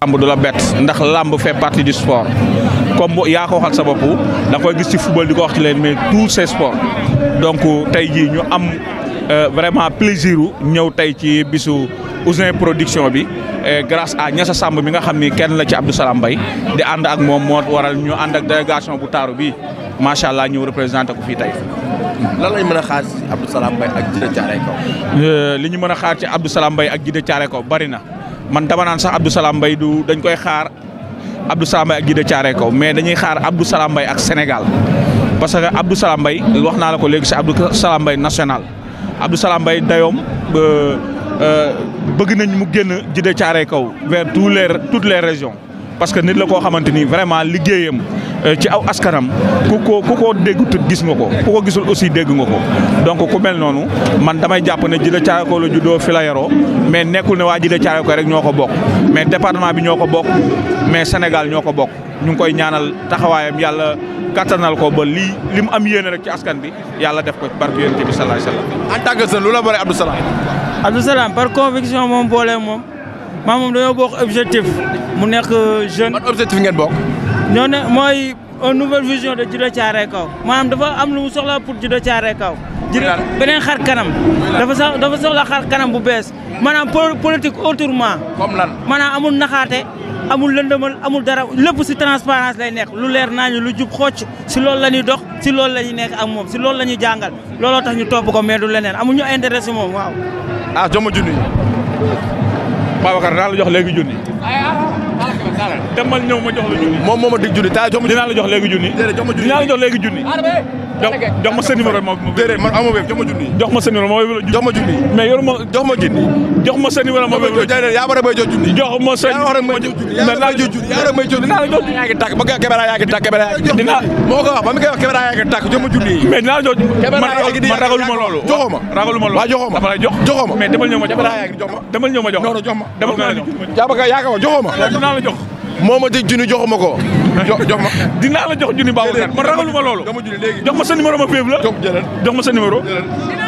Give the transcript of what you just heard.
làmb du la bett ndax làmb fee partie du sport comme yaa ko waxal sa bopp da koy gis ci football di ko wax ci leen mais tous ces sports donc tey jii ñu am euh, vraiment plaisir ñëw tey ci bisu Ouzin production bi grace à ñasa sàmb bi nga xam ni kenn la ci Abdou Salam Mbaye di ànd ak moom moo waral ñu ànd ak délégation bu taaru bi macha allah ñëw représenté ko fii tey. lan lañ mën a xaar ci Abdou Salam Mbaye ak Djidé Thiaroye Kaw. Euh, li ñu mën a xaar ci Abdou Salam Mbaye ak Djidé Thiaroye Kaw bari na. man dama sax Abdou Salam mbay du dañ koy xaar Abdou Salam Mbaye ak Guida Thiaré kaw mais dañuy xaar Abdou Salam mbay ak Sénégal parce que Abdou Salam Mbaye wax naa la ko léegi si Abdou Salam Mbaye national Abdou Salam Mbaye dayoom euh, bëgg nañ mu génn Guida caaree kaw vers tous les toutes les régions parce que nit la koo xamante ni vraiment liggéeyam. Euh, ci aw askanam ku ko ku ko déggut gis nga ko ku ko gisul aussi dégg nga ko donc ku mel noonu man damay jàpp ne Djiddah Thiaroye Kao la juddoo fi la yaroo mais nekkul ne waa Djiddah Thiaroye rek ñoo ko bokk mais département bi ñoo ko bokk mais Sénégal ñoo ko bokk ñu ngi koy ñaanal taxawaayam yàlla kattanal ko ba lii li mu am yéene rek ci askan bi yàlla def ko ci barke yonent bi salaay salaam. en tant que sën lu la bëree Abdou Salam. Abdou Salam par conviction moom boole moom maa moom mu nekk jeune. ban objectif ngeen bokk. ñoo ne mooy une vision de judo caaree kaw maanaam dafa am lu soxla pour judo caaree kaw judo beneen xar kanam dafa sox dafa soxla xar kanam bu bees maanaam politique autrement comme lan maanaam amul naxaate amul lëndëmal amul dara lépp si transparence lay nekk lu leer naañu lu jub xocc si loolu la ñuy dox si loolu la ñuy nekk ak moom si loolu la ñuy jàngal looloo tax ñu topp ko mais du leneen amuñu intérêt si moom waaw ah joma junni Babacar naa jox léegi juni demal ñëw ma jox la junni. moom moo ma dig junni taa jox ma. dinaa la jox léegi junni. déedéet jox ma junni ma sa numéro ma. déedéet jox ma junni. jox ma sa ma wéb la ma junni. jox ma junni. ma sa ma wéb la a jox ma sa. yaa a may junni. yaa a a dinaa la jox yaa ngi tàkk ba caméra yaa ma junni. mais dinaa la jox man ragaluma loolu. joxoo ma ragaluma loolu. ma dama lay jox. joxoo ma mais demal ñëw ma. dinaa la jox moo ma junni joxuma ko. jox ma dinaa la jox junni Babacar man ragaluma loolu. dama junni léegi jox ma sa numéro ma féeb la. jox ma sa numéro.